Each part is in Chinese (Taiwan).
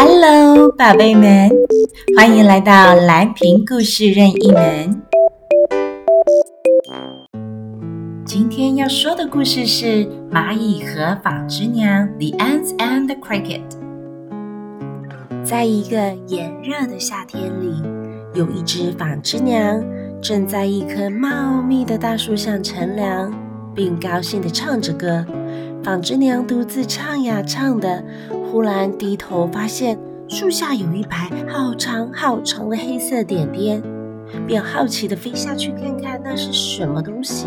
哈嘍，寶貝們，歡迎來到藍屏故事任意門。今天要說的故事是《螞蟻和紡織娘》（The Ants and the Cricket）。在一個炎熱的夏天裡，有一隻紡織娘正在一棵茂密的大樹上乘涼，並高興地唱着歌。紡織娘獨自唱呀唱的。忽然低頭發現樹下有一排好長好長的黑色點點，便好奇的飛下去看看那是什麼東西。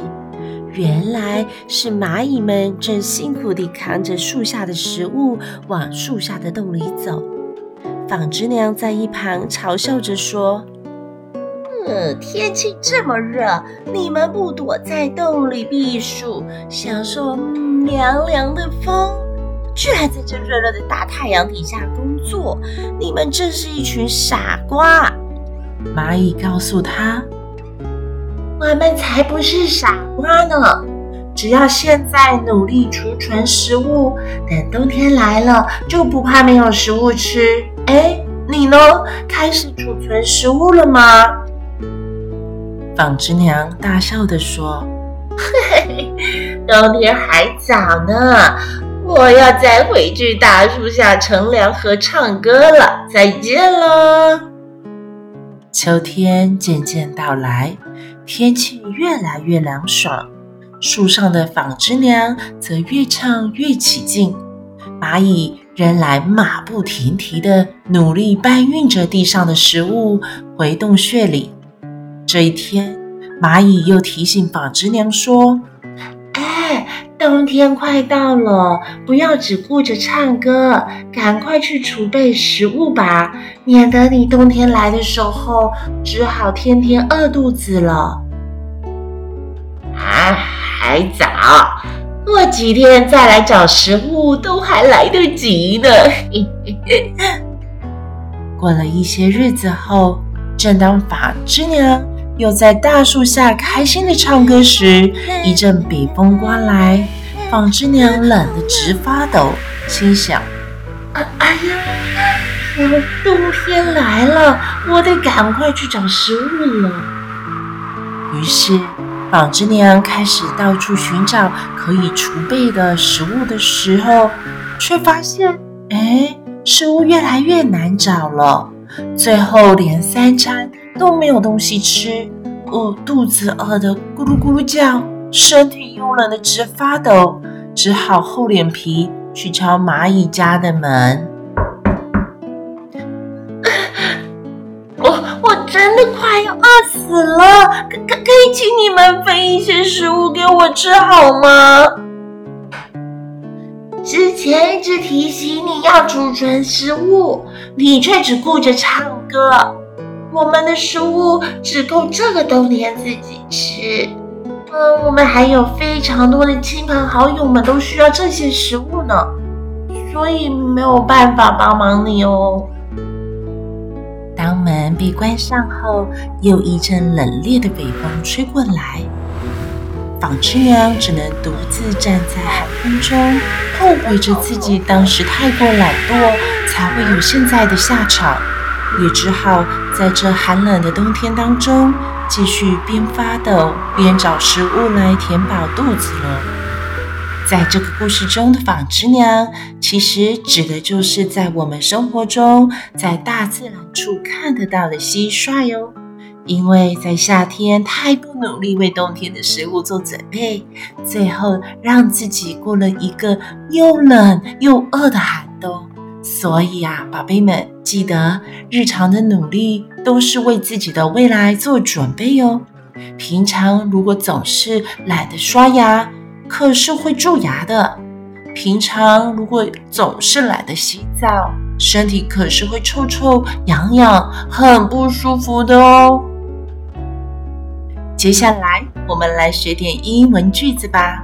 原來是螞蟻們正辛苦地扛着樹下的食物往樹下的洞裡走。紡織娘在一旁嘲笑着說：“嗯，天氣這麼熱，你們不躲在洞裡避暑，享受涼涼的風？”居然在這熱熱的大太陽底下工作，你們真是一群傻瓜！螞蟻告訴他：“我們才不是傻瓜呢，只要現在努力儲存食物，等冬天來了就不怕沒有食物吃。”哎，你呢？開始儲存食物了嗎？紡織娘大笑地說：“嘿嘿，冬天還早呢。”我要再回去大樹下乘涼和唱歌了，再見了。秋天漸漸到來，天氣越來越涼爽，樹上的紡織娘則越唱越起勁，螞蟻仍然馬不停蹄的努力搬運着地上的食物回洞穴裡。這一天，螞蟻又提醒紡織娘說：“哎。”冬天快到了，不要只顧着唱歌，趕快去儲備食物吧，免得你冬天來的時候只好天天餓肚子了。啊，還早，過幾天再來找食物都還來得及呢。 過了一些日子後，正當紡織娘又在大樹下開心的唱歌時， 一陣北風颳來。紡織娘冷得直發抖，心想：“啊、哎呀，我冬天來了，我得趕快去找食物了。”於是，紡織娘開始到處尋找可以儲備的食物的時候，卻發現，哎，食物越來越難找了。最後，連三餐都沒有東西吃，我、呃、肚子餓得咕嚕咕嚕叫。身體又冷的直發抖，只好厚臉皮去敲螞蟻家的門。呃、我我真的快要餓死了，可可可以請你們分一些食物給我吃好嗎？之前一直提醒你要儲存食物，你卻只顧着唱歌。我們的食物只夠這個冬天自己吃，嗯，我們還有非常多的親朋好友們都需要這些食物呢，所以沒有辦法幫忙你哦。當門被關上後，又一陣冷冽的北風吹過來，紡織娘只能獨自站在寒風中，後悔着自己當時太過懶惰，才會有現在的下場，也只好在這寒冷的冬天當中。繼續邊發抖邊找食物來填飽肚子了。在這個故事中的紡織娘，其實指的就是在我們生活中在大自然處看得到的蟋蟀喲。因為在夏天太不努力為冬天的食物做準備，最後讓自己過了一個又冷又餓的寒冬。所以啊，寶貝們，記得日常的努力都是為自己的未來做準備哦。平常如果總是懶得刷牙，可是會蛀牙的；平常如果總是懶得洗澡，身體可是會臭臭、癢癢，很不舒服的哦。接下來，我們來學點英文句子吧。